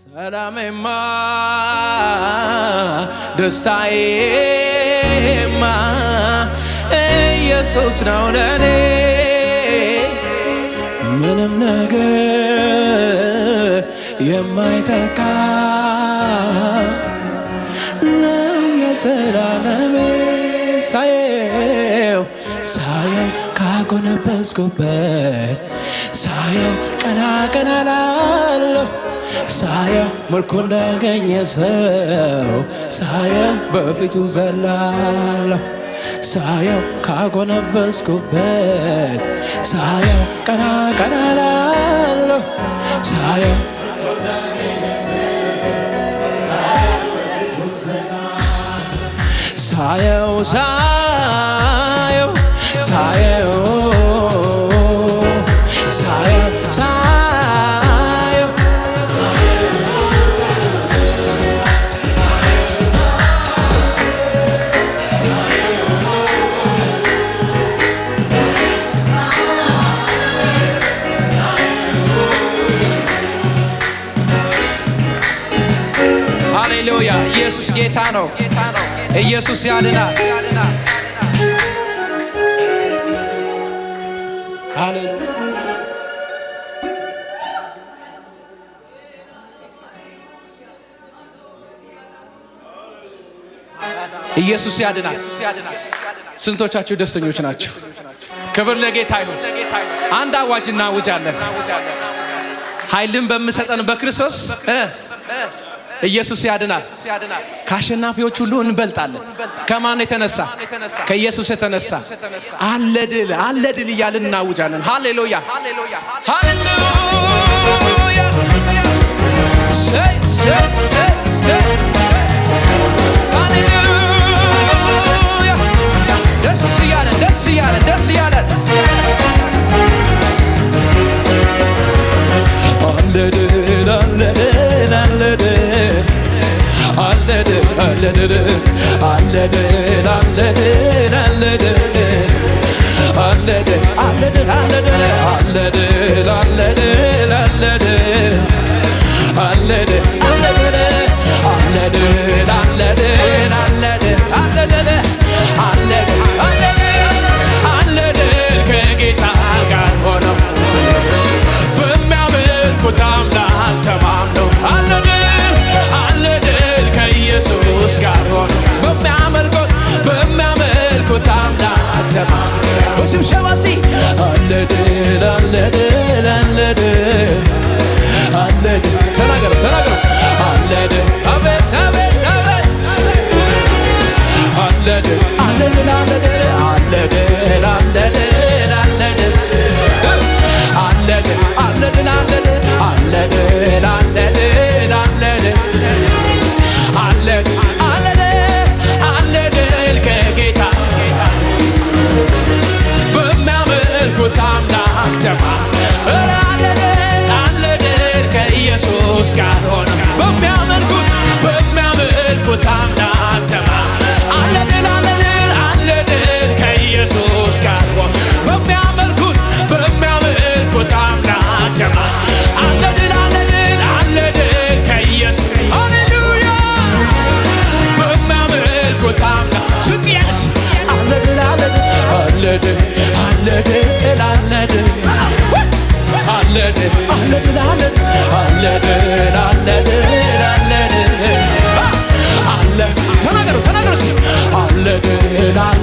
ሰላሜማ ደስታዬማ ኢየሱስ ነው ለኔ ምንም ነገር የማይተካ ነው የዘላለሜ ሳየው ሳየው ካጎነበስኩበት ሳየው ቀና ቀና ላለሁ ሳየው መልኩ እንዳገኘ ሰው ሳየው በፊቱ ዘላለሁ ሳየው ካጎነበስኩበት ሳየው ቀና ቀና ላለሁ ሳየው ሳየው ሳየው ሳየው ኢየሱስ ጌታ ነው። ኢየሱስ ያድናል። ኢየሱስ ያድናል። ስንቶቻችሁ ደስተኞች ናችሁ? ክብር ለጌታ ይሁን። አንድ አዋጅ እናውጃለን። ኃይልን በምሰጠን በክርስቶስ ኢየሱስ ያድናል። ከአሸናፊዎች ሁሉ እንበልጣለን። ከማን የተነሳ? ከኢየሱስ የተነሳ አለ ድል፣ አለ ድል እያልን እናውጃለን። ሃሌሉያ ሃሌሉያ! halledin Halledin, halledin, halledin Halledin, halledin, halledin Halledin, halledin አለን ተናገሩ ተናገሩ አለን አለን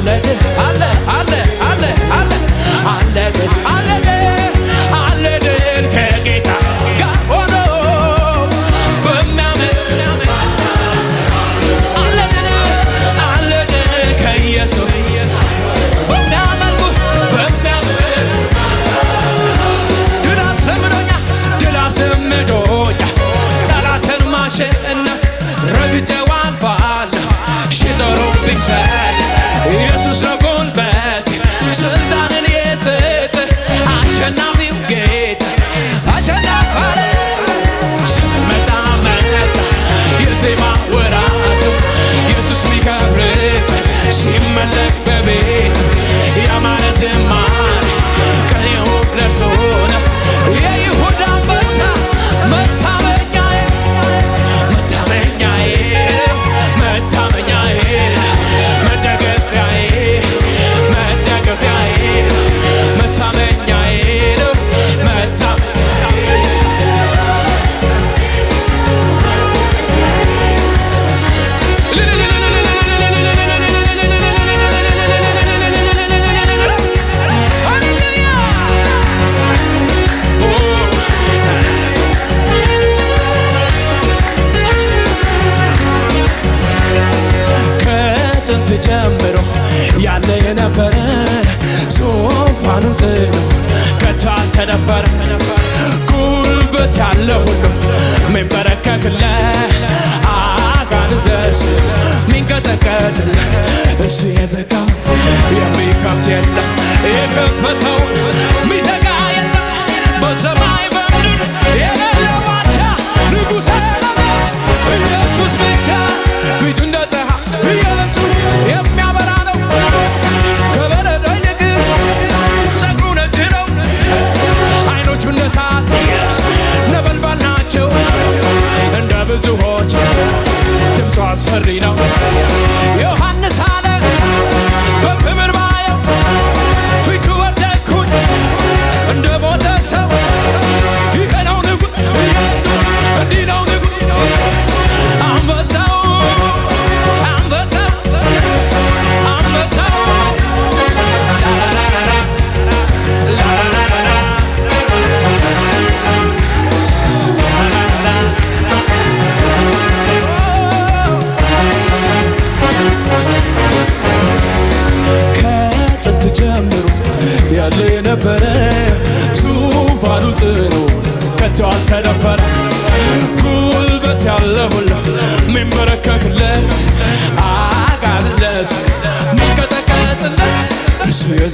አይቻለሁንም ሚንበረከክለ አጋንዘስ ሚንቀጠቀጥ እሱ የዘጋ የሚከፍት የለም የከፈተ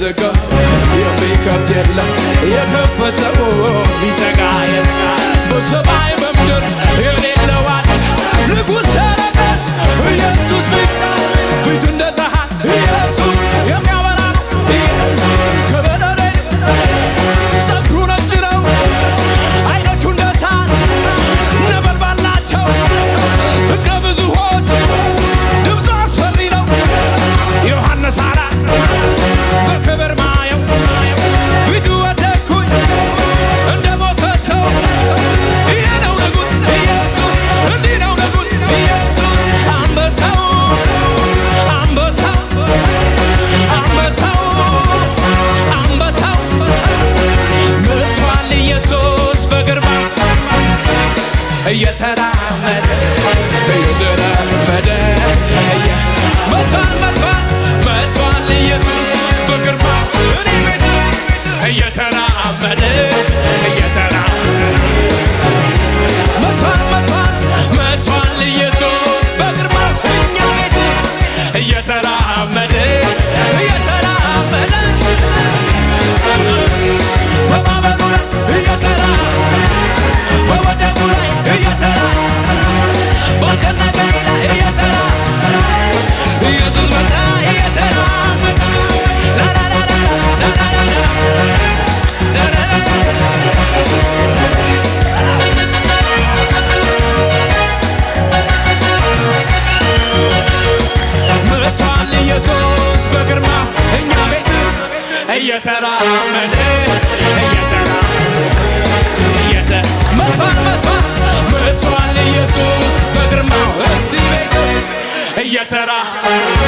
የተዘጋ የሚከፍት የለም የከፈተው ይዘጋ እየተራመደ እየተራመደ መቷል ኢየሱስ በግርማው እዚህ ቤት